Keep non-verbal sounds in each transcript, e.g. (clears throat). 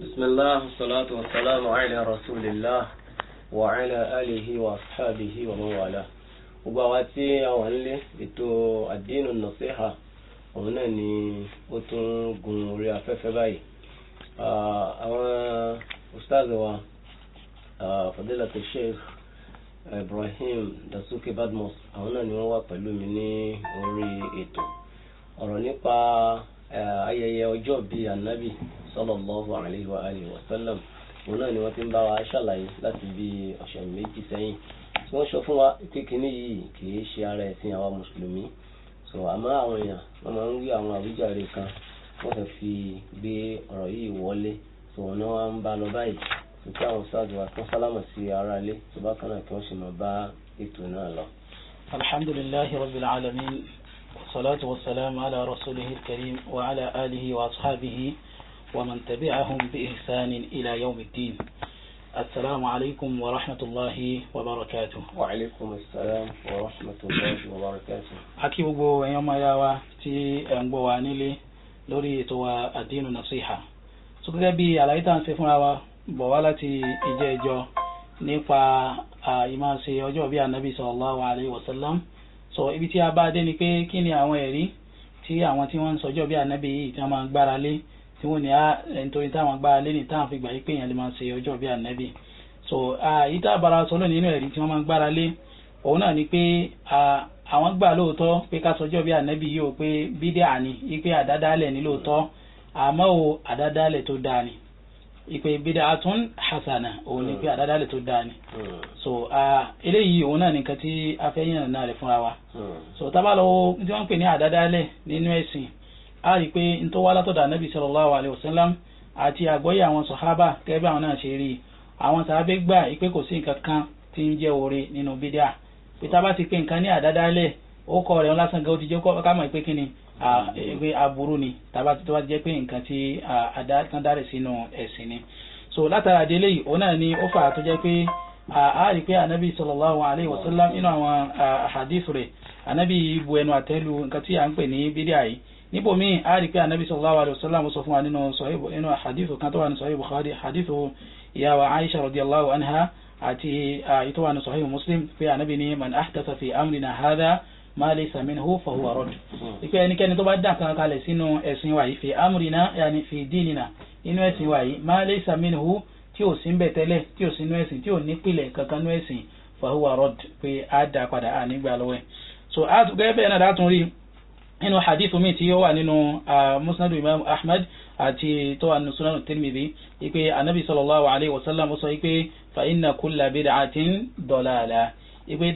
بسم الله والصلاة والسلام على رسول الله وعلى آله وأصحابه ومن والاه وبواتي أولي إتو الدين النصيحة òun náà ni ó tún gun orí afẹ́fẹ́ báyìí àwọn ustaz wa fadilatu sheikh ibrahim dasuki badmus àwọn náà ni wọ́n wà pẹ̀lú mi ní orí ètò ọ̀rọ̀ nípa ayẹyẹ ọjọ́ bíi anabi sallallahu alayhi wa alihi wa sallam òun náà ni wọ́n ti ń bá wa ṣàlàyé láti bí ọ̀sẹ̀ méjì sẹ́yìn tí wọ́n sọ fún wa pé kínní yìí kì í ṣe ara ẹ̀sìn àwa mùsùlùmí sọ àmọ́ àwọn èèyàn wọ́n máa ń rí àwọn àwíjàre kan wọ́n fẹ́ fi gbé ọ̀rọ̀ yìí wọlé sọ òun náà wá bá lọ báyìí sọ pé àwọn sáàdù wa tán sálámà sí ara ilé tó bá kánà kí wọ́n sì máa bá ètò náà lọ. alhamdulillahi rabbil alamin. والصلاة والسلام على رسوله الكريم وعلى آله وأصحابه ومن تبعهم بإحسان إلى يوم الدين السلام عليكم ورحمة الله وبركاته وعليكم السلام ورحمة الله وبركاته أكي بو يوم ياوا تي أنبو وانيلي لوري توا الدين نصيحة سكرا بي على إيتان سيفونا بوالتي إجيجو nípa ìmáṣe ọjọ́ bí anabi صلى الله عليه وسلم so ibi tí a bá dé ni pé kí ni àwọn ẹ̀rí tí àwọn tí wọ́n ń sọjọ́ bí ànábì yìí tí wọ́n máa ń gbára lé tí wọ́n ní á nítorí táwọn gbára lé ní táwọn fi gbà yí pé èèyàn lè máa ṣe ọjọ́ bí ànábì so àyí tá a bára sọ lónìí nínú ẹ̀rí tí wọ́n máa ń gbára lé òun náà ni pé àwọn gbà lóòótọ́ pé ká sọjọ́ bí ànábì yìí ò pé bídíà ni yí pé àdádálẹ̀ ni lóòótọ́ àmọ́ o àdádálẹ̀ tó dáa ni ìpè bidatun hasana òun ni pé hmm. àdádálẹ̀ tó dáa ni hmm. so eléyìí òun náà nìkan tí a fẹ́ yàn náà rẹ̀ fúnra wa hmm. so tábà lọ tí wọ́n ń pè ní àdádálẹ̀ nínú ẹ̀sìn a rí i pé n tó wá látọ̀dọ̀ anábì sallallahu alayhi wa sallam àti àgbọ́yé àwọn sọ̀hábà kẹ́bí àwọn náà ṣe rí i àwọn sàábé gbà pé kò sí nǹkan kan tí ń jẹ́ oore nínú bídà pé tábà ti pé nǹkan ní àdádálẹ̀ ó kọ rẹ̀ lásán gan ó ti jẹ́ ká mọ̀ pé kí ni pé aburú ni tàbá tó bá jẹ́ pé nǹkan tí àdákan sínú ẹ̀sìn ni so látara délé yìí òun náà ni ó fà á tó jẹ́ pé a rí pé anabi sallallahu alayhi wa sallam inú àwọn hadith rẹ̀ anabi bu ẹnu àtẹ́lu nǹkan tí à ń pè ní bídíà yìí níbo míì a rí pé anabi sallallahu alayhi wa sallam sọ fún wa nínú sọ̀hìbù inú hadith kan tó wà ní sọ̀hìbù Bukhari hadith ìyá Aisha radiyallahu anha àti ìtọ́wà ní sọ̀hìbù Muslim pé anabi ni man ahdatha fi amrina hadha ma laysa minhu fahuwa radd. Hmm. ìpè ẹnikẹ́ni tó bá dàn kan kalẹ̀ sínú ẹ̀sìn wa yìí fi amrina yani fi dinina inú ẹ̀sìn wa yìí ma laysa minhu tí ò sí ń bẹ̀ tẹ́lẹ̀ tí ò sí nú ẹ̀sìn tí ò ní pilẹ̀ kankan nú ẹ̀sìn fahuwa radd pé á da padà á nígbà lọ́wọ́ so gẹ́gẹ́ bẹ́ẹ̀ náà dátún rí nínú hadith mi tí ó wà nínú musnadu imam ahmad àti tó wà nínú sunanu tirmidhi ipe anabi sallallahu alayhi wa sallam sọ ipe fa inna kulla bid'atin dalala ìpè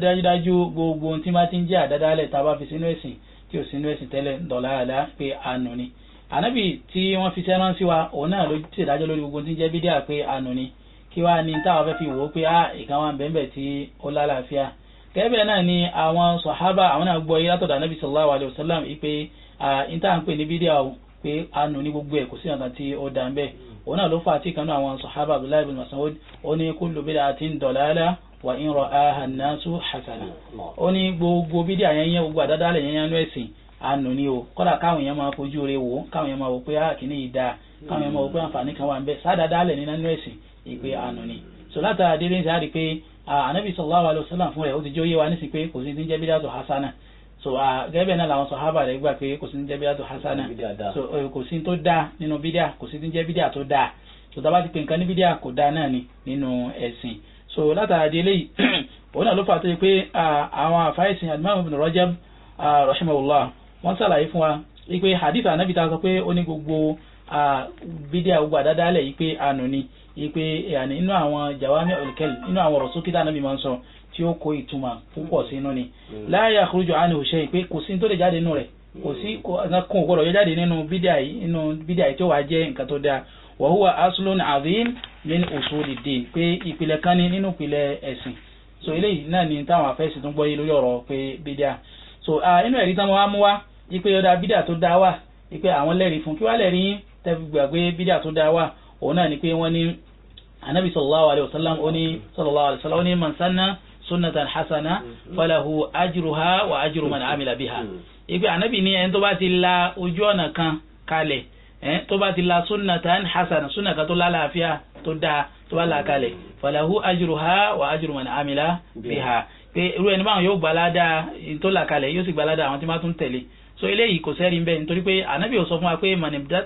dájúdájú gbogbo ohun tí máa ti ń jẹ́ àdádálẹ̀ tá a bá fi sínú ẹ̀sìn tí ò sínú ẹ̀sìn tẹ́lẹ̀ dọ̀là àlá pé àánú ni ànábì tí wọ́n fi sẹ́rán sí wa òun náà ló ti dájọ́ lórí gbogbo ohun tí ń jẹ́ bídíà pé àánú ni kí wàá ní táwọn fẹ́ fi wò ó pé á ìkan wa bẹ́ẹ̀ tí ó lálàáfíà gẹ́gẹ́ náà ni àwọn sọ̀hábà àwọn náà gbọ́ yìí látọ̀dọ̀ ànábì sallallahu alayhi wa sallam ìpè ìta à ń pè ní bídíà pé àánú ní gbogbo ẹ̀ kò sí nǹkan tí ó dà ń bẹ́ẹ̀ òun náà ló fà á àwọn sọ̀hábà wà ń rọ ahannasu hasana ó ní gbogbo bídíà yẹn yẹn gbogbo àdádálẹ̀ yẹn yẹn nú ẹ̀sìn àánú ni o kódà káwọn yẹn máa fojú rẹ wò káwọn yẹn máa wò pé àkíní ah, yìí dáa káwọn yẹn máa wò pé àǹfààní kan wà ń bẹ sádàdálẹ̀ nínú ẹ̀sìn ìpè àánú ni so látara délé ń sáré rí pé anabi sallallahu alayhi wa sallam fún rẹ ó ti jẹ́ òye wa ní sí pé kò sí ní jẹ́ bídàtò hasana so gẹ́gẹ́ náà làwọn sọ̀hábà rẹ̀ gbà pé kò sí ní jẹ́ bídàtò hasana so kò sí tó dáa nínú bídà kò sí ní jẹ́ bídà tó dáa so tá ti pè nǹkan ní bídà kò dáa náà ni nínú ẹ̀sìn so látara di eléyìí (clears throat) òun náà ló fà tó yẹ pé àwọn àfáìsìn alimami ibn Rajab rahimahullah wọ́n sàlàyé fún wa wípé hadith anabi ta sọ pé ó ní gbogbo bídíà gbogbo àdádálẹ̀ yìí pé àánú ni yìí pé inú àwọn jawami olùkẹ́l inú àwọn ọ̀rọ̀ sókè tá anabi máa ń sọ tí ó kó ìtumọ̀ púpọ̀ sínú ni mm. la yakhruju anhu shay pé kò sí ní tó lè jáde nínú rẹ̀ mm. kò sí kò gbọdọ̀ yọ jáde nínú bídíà yìí nínú wàá jẹ́ nǹkan tó dáa wa huwa aslun min usuli din pé ìpìlẹ̀ kan ní nínú ìpìlẹ̀ ẹ̀sìn so eléyìí náà ni táwọn afẹ́sì tó ń gbọ́yé lórí ọ̀rọ̀ pé bídíà so inú ẹ̀rí táwọn wá mú wá ipe ọ̀dà bídíà tó dá wà ipe àwọn lẹ́rìí fún kí wá lẹ́rìí yín tẹ́fi gbàgbé bídíà tó dá wà òun náà ni pé wọ́n ní anabi sallallahu alayhi wa sallam ó ní sallallahu alayhi wa sallam ó ní man sanna sunnatan hasana falahu ajruha wa ajru man amila biha ipe anabi ní ẹni tó bá ti la ojú ọ̀nà kan kalẹ̀ tó bá ti la sunnatan hasana sunnatan tó lálàáfíà tó dáa tó bá là kalẹ̀ falahu ajruha wa ajru man amila biha pé irú ẹni báwọn yóò gbalada tó là kalẹ̀ yóò sì gbalada àwọn tí wọ́n tún tẹ̀lé so eléyìí kò sẹ́rí bẹ́ẹ̀ nítorí pé anabi ò sọ fún wa pé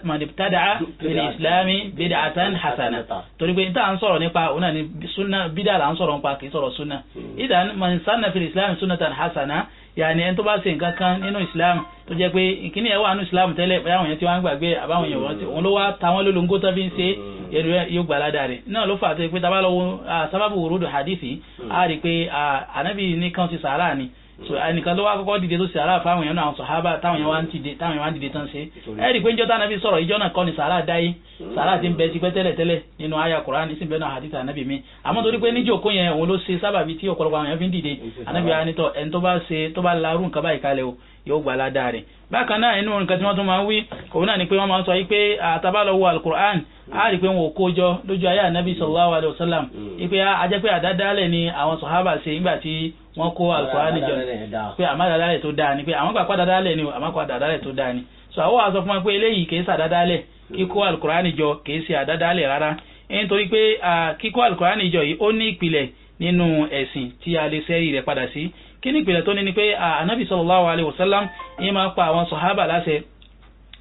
manibtada ilẹ̀ islami bidatan hasana torí pé níta à ń sọ̀rọ̀ nípa òun náà ni sunna bídà là ń sọ̀rọ̀ nípa kì í sọ̀rọ̀ sunna idan manisanna fi islami sunnatan hasana yàní ẹni tó bá ṣe nǹkan kan nínú islam tó jẹ́ pé ìkíní ẹ̀ wà nínú islam tẹ́lẹ̀ báwọn yẹn ti wá ń gbàgbé àbáwọn yẹn wọ́n ló wá táwọn lólóńgó tó fi ń ṣe yóò gbà ládàá rẹ̀ náà ló fà á tó pé tábà lọ́wọ́ sábàbù wòrúdù hadithi a rí pé anabi nìkan ti sàárà ni so ẹnìkan ló wá kọ́kọ́ dìde tó sàárà fáwọn èèyàn àwọn sàhábà táwọn èèyàn wá ń dìde táwọn èèyàn wá ń dìde tán ṣe ẹ rí pé njọ́tà anabi sọ̀rọ̀ ìjọ náà kọ́ ni sàárà dáyé hmm. sàárà ti ń bẹ tipẹ́ tẹ́lẹ̀ tẹ́lẹ̀ nínú àyà Kùránì sí bẹ́ẹ̀ náà anabi mi àmọ́ torí pé níjòkó yẹn òun ló ṣe sábàbí tí anabi wa nítọ̀ ẹni tó bá ṣe tó bá larú nǹkan báyìí kalẹ̀ o yóò gbà ládàá rẹ̀ bákan náà inú nǹkan tí wọ́n tún máa ń wí òun náà ni pé wọ́n máa ń sọ yí pé àtàbálọ́wọ́ alukur'an a rí pé wọn ò kó jọ lójú ayé ànábì sallallahu alayhi wa sallam mm. ipe ajẹ́ pé àdádálẹ̀ ni àwọn sọ̀hábà ṣe nígbà tí wọ́n kó alukurani jọ pé àmọ́ àdádálẹ̀ tó dáa ni pé àwọn gbàgbọ́ àdádálẹ̀ ni àmọ́ kó àdádálẹ̀ tó dáa ni so àwọn wa sọ fún wa pé eléyìí kìí ṣe àdádálẹ̀ kíkó alukurani jọ kìí ṣe àdádálẹ̀ rárá nítorí pé kíkó alukurani jọ yìí ó ní ìpìlẹ̀ nínú ẹ̀sìn tí a lè sẹ́rí rẹ̀ padà sí kí ní ìpìlẹ̀ tó ní ni pé ànábì sallallahu alayhi wa sallam yìí máa pa àwọn sọ̀hábà láṣẹ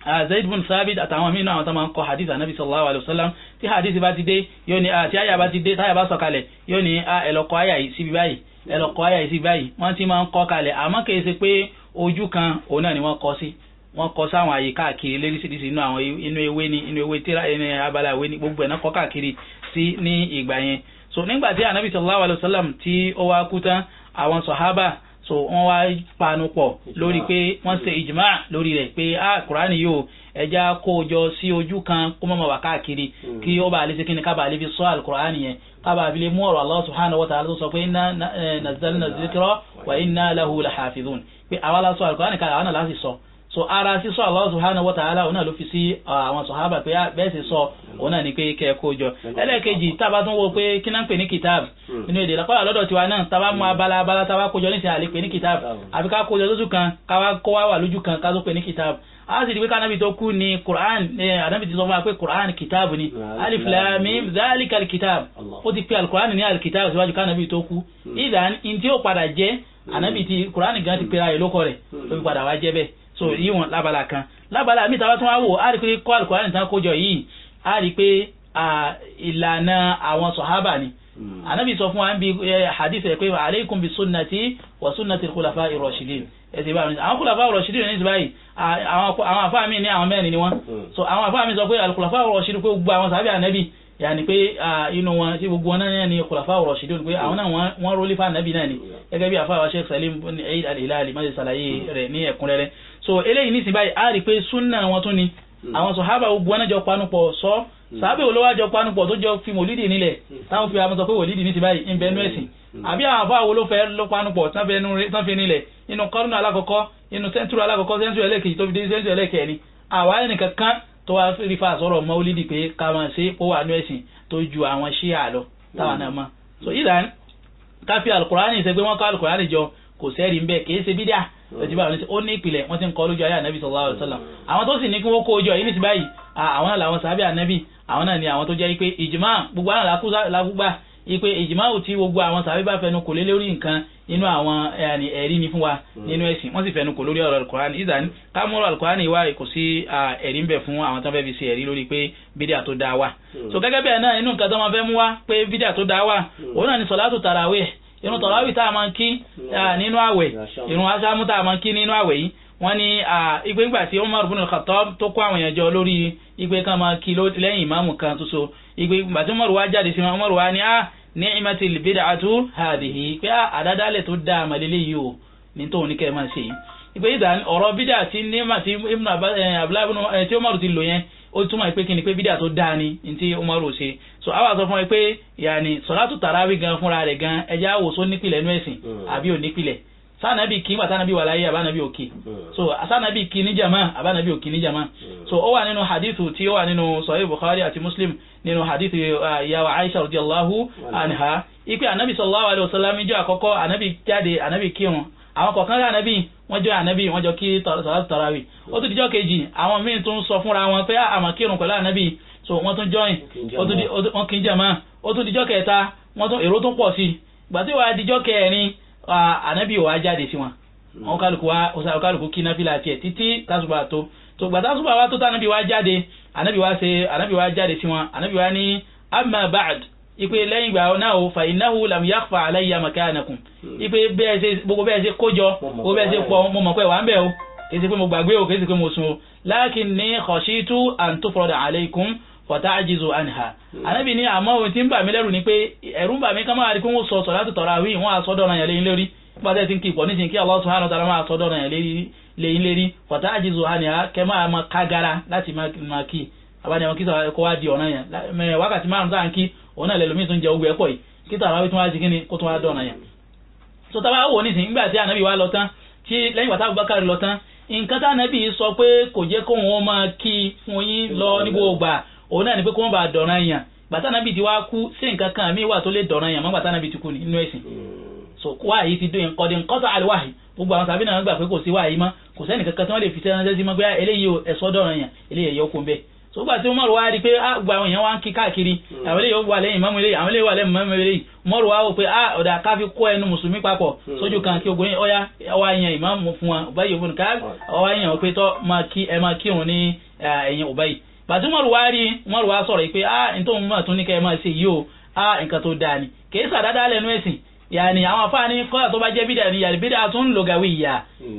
Ah, zaid bin sabit àtàwọn mìíràn àwọn tó máa ń kọ hadith anabi sallallahu alayhi wa sallam tí hadith bá ti dé yóò ní àti ah, àyà bá ti dé táyà bá sọ kalẹ̀ yóò ní ah, ẹlọ́kọ àyà yìí síbi báyìí ẹlọ́kọ àyà yìí síbi báyìí wọ́n ti máa ń kọ kalẹ̀ àmọ́ kì ṣe pé ojú kan òun náà ni wọ́n kọ sí wọ́n kọ sáwọn àyè káàkiri léríṣiríṣi inú àwọn inú ewé ni inú ewé tíra ẹni abala ìwé ni gbogbo ẹ̀ náà kọ káàkiri sí ní ìgbà yẹn so nígbà tí anabi sallallahu alayhi wa sallam tí ó wá kú tán àwọn sọ̀hábà so wọ́n wá panu pọ̀ lórí pé wọ́n ṣe ìjìmá lórí rẹ̀ pé ah, a kùránì yóò ẹja kó o jọ sí ojú kan kó mọ̀ wá káàkiri hmm. kí ó bá lè ṣe kíni kábàá lè fi sọ àlùkùránì yẹn kábàá fi lè mú ọ̀rọ̀ Allah subhanahu wa ta'ala tó sọ pé inna eh, nazzalna dhikra wa inna lahu lahafizun pé àwa la sọ àlùkùránì kalẹ̀ àwa náà láti sọ so ara sísọ Allah subhanahu wa ta'ala òun náà ló fi sí àwọn sọ̀hábà pé ah, bẹ́ẹ̀ sì sọ òun náà ni pé kẹ́ ẹ kó jọ ẹlẹ́ẹ̀kejì tábà tún wo pé kí náà ń pè ní kìtáàbù nínú èdè lápá lọ́dọ̀ tiwa náà tábà mú abala abala tábà kó jọ nísìnyí àlè pè ní kìtáàbù àfi ká kó jọ lójú kan káwá kó wá wà lójú kan ká tó pè ní kìtáàbù a sì di pé kánábì tó kú ni Qur'an ànábì ti sọ fún wa pé Qur'an kìtáàbù ni alif lam mim zalika alkitaab ó ti pe alukur'an ní alikitaab síwájú kánábì tó kú ìdá hmm. ní tí ó padà jẹ́ ànábì ti Qur'an gan ti hmm. pera ẹ̀ lókọ rẹ̀ ló fi hmm. padà wá jẹ́ bẹ́ẹ̀ so yíwọ̀n Labala kan Labala mi tàbá tún wá wò á rí pé kọ́ àlùkò àrùn tán kójọ yìí á rí pé ìlànà àwọn sọ̀hábà ni anabi hmm. sọ fún wa ń bi hadith ẹ pé aleikum bi sunnati wa sunnati kulafa irọ̀ṣìlì ẹ̀sìn báyìí àwọn kulafa irọ̀ṣìlì ní ìsìn àwọn afáàmì ní àwọn mẹ́rin ni wọ́n hmm. so àwọn afáàmì sọ pé alukulafa irọ̀ṣìlì pé gbogbo àwọn sàbí anabi yàni pé inú wọn tí gbogbo wọn náà ní kùlàfà ọ̀rọ̀ ṣìdí olùgbé àwọn náà wọ́n rólé fún ànábì náà ni gẹ́gẹ́ bí àfáà Sheikh Salim Eid al-Hilali má ṣe ní ẹ̀kúnrẹ́rẹ́ so eléyìí ní ìsìnbáyìí a rí pé súnà wọn tún ni àwọn sọ̀hábà gbogbo wọn náà jọ panupọ̀ sọ sàábẹ̀ olówó jọ panupọ̀ tó jọ fi mòlídì nílẹ̀ táwọn fi àwọn sọ pé mòlídì ní ìsìnbáyìí ń bẹnu ẹ̀sìn àbí àwọn àfáà wo ló fẹ́ ló panupọ̀ tán fi nílẹ̀ inú kọ́rùnà alákọ̀ọ́kọ́ inú sẹ́ńtúrù alákọ̀ọ́kọ́ sẹ́ńtúrù ẹlẹ́kẹ̀ẹ́ tó fi dé sẹ́ńtúrù ẹlẹ́kẹ̀ẹ́ ni àwa ẹnìkan tó wá rí fa sọ̀rọ̀ mọ́wúlídì pé ká máa ṣe ó wà nú ẹ̀sìn tó ju àwọn ṣíà lọ táwọn náà mọ́ so ìlànà káfí alukurani ṣe pé wọ́n kọ́ alukurani jọ kò sẹ́rìí nbẹ kì í ṣe bídíà lọ́jọ́bá àwọn oníṣẹ́ ó ní ìpìlẹ̀ wọ́n ti ń kọ́ lójú ayé ànábì sallallahu alaihi wasallam àwọn tó sì ní kí wọ́n kó ojú ọ̀yìn ní ti báyìí àwọn náà làwọn sàbẹ̀ ànábì àwọn náà ni àwọn tó jẹ́ pé ìjìmá gbogbo àwọn làkúgbà ipe ìjìmáwò tí gbogbo àwọn sàbí bá fẹnu kò lé lórí nǹkan nínú àwọn ẹ̀rí ni fún wa hmm. nínú ẹ̀sìn wọ́n sì fẹnu kò lórí ọ̀rọ̀ alukur'an ìzàn kámọ́rọ̀ alukur'an ìwà kò sí ẹ̀rí ń bẹ fún àwọn tó ń fẹ́ fi ṣe ẹ̀rí lórí pé bídíà tó dáa wà. Hmm. so gẹ́gẹ́ bẹ́ẹ̀ náà inú nǹkan tó máa fẹ́ mú wa pé bídíà tó dáa wà hmm. òun náà ni sọ̀látù tàràwẹ̀ irun tàràwẹ̀ tá a máa ń kí nínú àwẹ̀ irun aṣáámú tá a máa ń kí nínú àwẹ̀ yìí wọ́n ní ìpè ńgbà tí Umar bin Khattab tó kó àwọn èèyàn jọ lórí ìpè kan máa kí lẹ́yìn ìmáàmù kan ṣoṣo ìpè ńgbà tí Umar wá jáde sí wọn Umar wá ní ah, ni'mati albid'atu hadhihi pé ah, àdádálẹ̀ tó dáa màlélẹ́ yìí o ní tóun ní kẹ́ ẹ máa ṣe ìpè ìdá ọ̀rọ̀ bídà tí níma tí ibùnà abúlá tí ó mọ̀rù ti lò yẹn ó túmọ̀ pé kí ni pé bídà tó dáa ni tí ó mọ̀rù ṣe so àwọn àsọ fún ẹ pé yàní sọ̀látù tàràwí gan fúnra rẹ̀ gan ẹja àwòsó nípìlẹ̀ nú ẹ̀sìn hmm. àbí ò nípìlẹ̀ sanabi kí wà sanabi wà láyé àbánabi òkè hmm. so sanabi kí ní jama àbánabi òkè ni jama hmm. so ó wà nínú hadithu tí ó wà nínú sahih bukhari àti muslim nínú hadithu uh, yawa aisha allahu anha ipe anabi sallallahu alaihi wasallam jọ àkọ́kọ́ anabi jáde anabi kírun àwọn kọ̀ọ̀kan rẹ̀ anabi wọ́n jọ anabi wọ́n jọ kí salatu tarawih ó tún dijọ́ kejì àwọn míì tún sọ fúnra wọn pé àmọ́ ah, kírun pẹ̀lú anabi so wọ́n tún join wọ́n kì í jama ó tún dijọ́ kẹta wọ́n tún èrò tún pọ̀ sí gbàtí wàá dijọ́ kẹrin ànábì wa jáde sí wọn hmm. wọn kálukú wa kálukú kí náfìlà tiẹ̀ títí tásùbà tó tó gbà tásùbà wa tó tá ànábì wa jáde ànábì wa ṣe ànábì wa jáde sí wọn ànábì wa ní amma ba'd ipe lẹ́yìn ìgbà náà o fa innahu lam yakhfa alayya makanakum hmm. ipe bẹ́ẹ̀ ṣe gbogbo bẹ́ẹ̀ ṣe kójọ gbogbo bẹ́ẹ̀ ṣe pọ̀ mo mọ̀ pé wà ń bẹ̀ o kì í ṣe pé mo gbàgbé o kì í ṣe pé mo sun o lakinni khashitu an tufrada alaykum wọ́tá àjìzò àníhà hmm. ànábì ní àmọ́ ohun tí ń bà mí lẹ́rù ni pé ẹ̀rù ń bà mí ká máa rí pé wọ́n sọ sọ láti tọ̀ra àwí ìwọ̀n àsọdọ̀ràn yẹn léyìn lérí nípa tẹ́sí ń kí ìpọ̀ nísìnyí kí Allah subhanahu wa ta'ala máa sọdọ̀ràn yẹn léyìn lérí wọ́tá àjìzò àníhà kẹ́ máa ma kágara láti máa kí àbáni àwọn kíta kó wá di ọ̀nà yẹn wákàtí márùn táà ń kí òun náà lẹ́lòmíì tún jẹ ogun ẹ̀pọ̀ yìí kíta àwọn wí tún wá di kíni kó tún wá dọ̀nà yẹn. so tá a bá wò nísìnyí nígbà tí ànábì wa lọ tán tí lẹ́yìn wàtá Abubakar lọ tán nǹkan tá ànábì sọ pé kò jẹ́ kóun ó máa kí fún yín lọ ní gbogbo òun náà ni pé kó wọn bá dọ̀ràn yàn gbàtànàbì ti wá kú sí nǹkan kan mi wà tó lè dọ̀ràn yàn mọ́ gbàtànàbì ti kú nínú ẹ̀sìn hmm. so wáyé ti dóyin kọ́dé nkọ́tà àlùwáyé gbogbo àwọn tàbí náà gbà pé kò sí wáyé mọ́ kò sẹ́ni kankan tí wọ́n lè fi sẹ́ni ránṣẹ́ sí mọ́ pé ah, eléyìí ẹ̀sọ́ dọ̀ràn yàn eléyìí ẹ̀yọ́ kún bẹ́ẹ̀ so gbà tí Umaru wá rí pé ah, gbogbo àwọn èèyàn wá ń kí káàkiri hmm. àwọn eléyìí wà lẹ́yìn mọ́mú eléyìí àwọn eléyìí wà lẹ́yìn mọ́mú eléyìí Umaru wá wò pé ah, ọ̀dà ká fi kó ẹnu mùsùlùmí papọ̀ hmm. sójú kan kí ogun ọ̀yá gbàtí mọ̀rù wá rí mọ̀rù wá sọ̀rọ̀ pé ah n tó ń mọ̀ tún ní kẹ́ máa ṣe yìí o ah nǹkan tó dáa ni kì í sàdádá lẹ́nu ẹ̀sìn yàní àwọn afáàní kọ́lá tó bá jẹ́ bídà ni yàní bídà tún ń lògàwé ìyà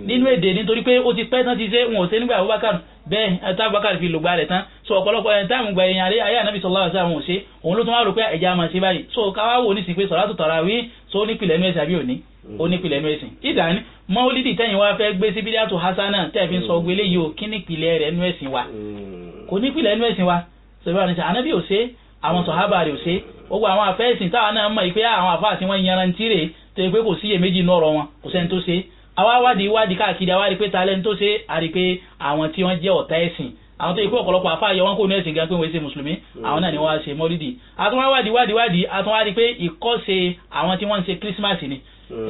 nínú èdè nítorí pé ó ti pẹ́ tán ti ṣe wọn ò ṣe nígbà Abubakar bẹ́ẹ̀ ẹ̀ta Abubakar fi lògbà rẹ̀ tán so ọ̀pọ̀lọpọ̀ ẹ̀ táàmù gba èèyàn ayé ànábì sallallahu alaihi wasallam ò ṣe òun ló tún wá rò pé ẹ̀já máa ṣe báyìí so káwá wò ní sí pé sọ̀rọ̀ àtútàràwí so nípìnlẹ̀ ẹnu ẹ̀sìn àbí òní onípìlẹ̀ hmm. nú ẹ̀sìn ìdá ni mọ́wúlídì tẹ́yìn wá fẹ́ gbé sí bídíàtò hasana tẹ́ẹ̀fín sọ hmm. gbélé yìí ó kí nípìlẹ̀ rẹ̀ nú ẹ̀sìn wa hmm kò ní pìlẹ̀ nínú ẹ̀sìn wa sọ̀rọ̀ àníṣe ànábì ò ṣe àwọn sọ̀hábà rẹ̀ ò ṣe gbogbo àwọn afẹ́sìn táwọn náà mọ̀ pé àwọn afá àti wọn yanrantí rè tó yẹ pé kò síyèméjì nínú ọ̀rọ̀ wọn kò sẹ́ni tó ṣe àwa wádìí wádìí káàkiri àwa rí pé ta lẹ́ni tó ṣe àrí pé àwọn tí wọ́n jẹ́ ọ̀tá ẹ̀sìn àwọn tó yẹ pé ọ̀pọ̀lọpọ̀ afá yọ wọn kó ní ẹ̀sìn gan pé wọ́n ṣe mùsùlùmí àwọn náà ni wọ́n á ṣe mọ́lídì àtúnwá wádìí wádìí wádìí àtúnwá rí pé ìkọ́ṣe àwọn tí wọ́n ń ṣe kírísímàsì ni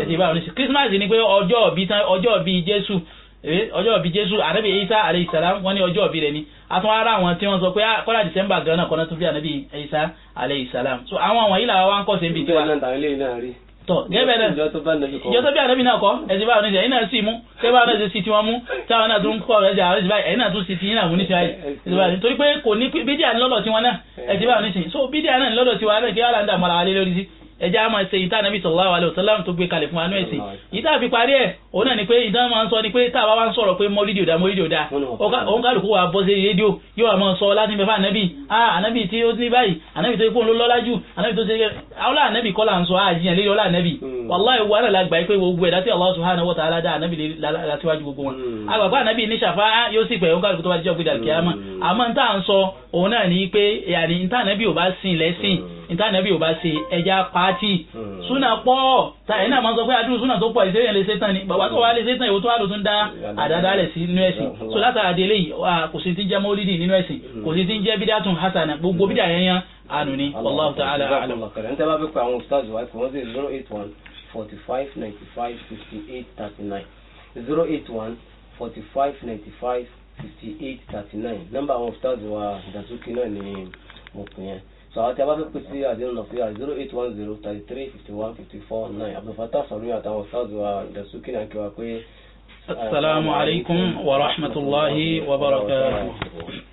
ẹ̀sìn ìbára ní sí kírísímàsì ni pé ọjọ́ ìbí jésù ọjọ́ ìbí jésù àrẹ́bí isa alayhi salam wọ́n ní ọjọ́ ìbí rẹ̀ ni àtún ara àwọn tí wọ́n sọ pé ah, kọ́lá december gan náà kọ́nà tó bí ànábì Isa alayhi salam so àwọn àwọn yìí làwọn wá ń kọ́ sí ibi tiwa. tọ gẹ́gẹ́ náà ìjọ tó bí ànábì náà kọ́ ẹ̀sìn báwọn oníṣẹ́ ẹ̀yìn náà sì mú ṣé báwọn náà ṣe sí tiwọn mú táwọn náà tún kọ́ ẹ̀sìn àwọn ìṣẹ̀bá ẹ̀yìn náà tún sì tiyín àwọn oníṣẹ́ torí pé kò ní bídíà ní lọ́dọ̀ tiwọn náà ẹ̀sìn báwọn oníṣẹ́ so bídíà náà ní lọ́dọ̀ tiwọn náà kí wọ́n là ń dààmú ara wa lé lórí sí ẹjẹ́ a máa ṣe ìta nàbí sallallahu alaihi wasallam tó gbé kalẹ̀ fún anú ẹ̀sìn ìta fi parí ẹ̀ òun náà ni pé ìta máa ń sọ ni pé tá a bá wá ń sọ̀rọ̀ pé mọ́lídìí òdà mọ́lídìí òdà òun kálukú wa bọ́ sí rédíò yóò wá máa sọ láti mẹ́fà ànábì ànábì tí ó ní báyìí ànábì tó kó ń lọ lọ́lá jù ànábì tó ṣe ọlá ànábì kọ́ là ń sọ àjíyàn lé ọlá ànábì wàláì hmm. wà náà lágbàá pé gbogbo ẹ̀dá tí Allah subhanahu wa ta'ala dá ànábì látiwájú gbogbo wọn àgbàgbà hmm. ànábì ní ṣàfá yóò sì pẹ̀ òun kálukú tó bá jẹ́ ògbé dàkíyàmà hmm. àmọ́ ń tà ń sọ òun náà ní pé ìyàní ń tà ànábì ò bá sìn lẹ́sìn níta nàbí ò bá ṣe ẹja pàtì hmm. súnà pọ̀ ẹ̀yin náà máa ń sọ pé àdúrà súnà tó pọ̀ ìṣẹ́yìn lè ṣe tán ni bàbá tó wà lè ṣe tán ìwò tó wà ló tún dá àdáda rẹ̀ sí nínú ẹ̀sìn so látara délé yìí kò sí ti ń jẹ́ mọ́lídì nínú ẹ̀sìn hmm. kò sí ti ń jẹ́ bídàtún hasana gbogbo bídà yẹn yan àánú ni wallahu ta'ala a'lam. ẹ̀ ń tẹ́ bá fi àwọn ustaz wa fún zero eight one forty five ninety five fifty eight thirty nine zero eight one forty five ninety five fifty eight thirty nine nọ́mbà àwọn wa dàtúkì náà ni mo pè yẹn sọ àwọn tí a bá fẹ́ pèsè àdéhùn náà sí à zero eight one zero thirty three fifty one fifty four nine abdulfatah sọ̀rọ̀ àtàwọn sáàzù wa ìdàsókè wa barakatuh.